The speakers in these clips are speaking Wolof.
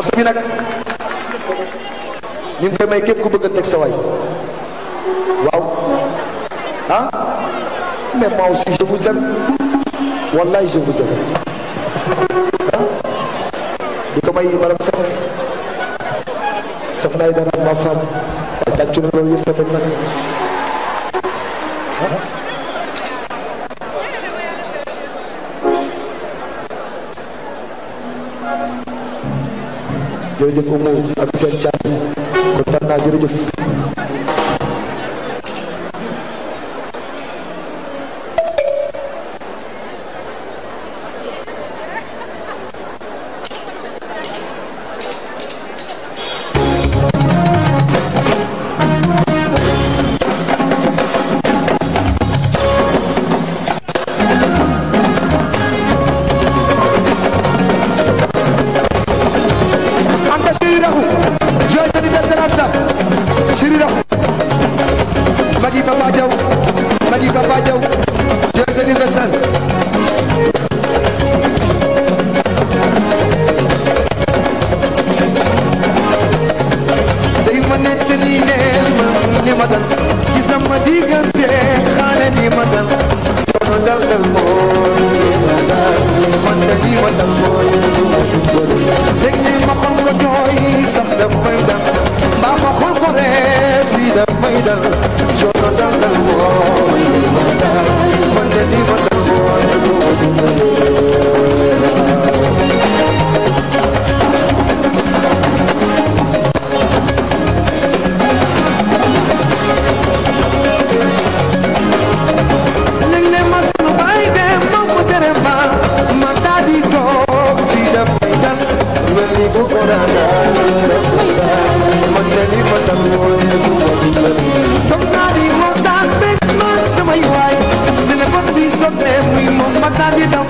mosu bi nag ñu ngi koy may képp ku bëgg a teg sa waay waaw ah mais wallahi je vous aime ah? di ko may madame Seck saf naay dara ma femme waaye tàccu na loolu yëpp nag ah? jërëjëf Oumou ak seen càmm kontaan naa jërëjëf. the you don't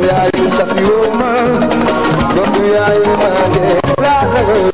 yaayu saf yu ma mbokk yaayu ma dee laa la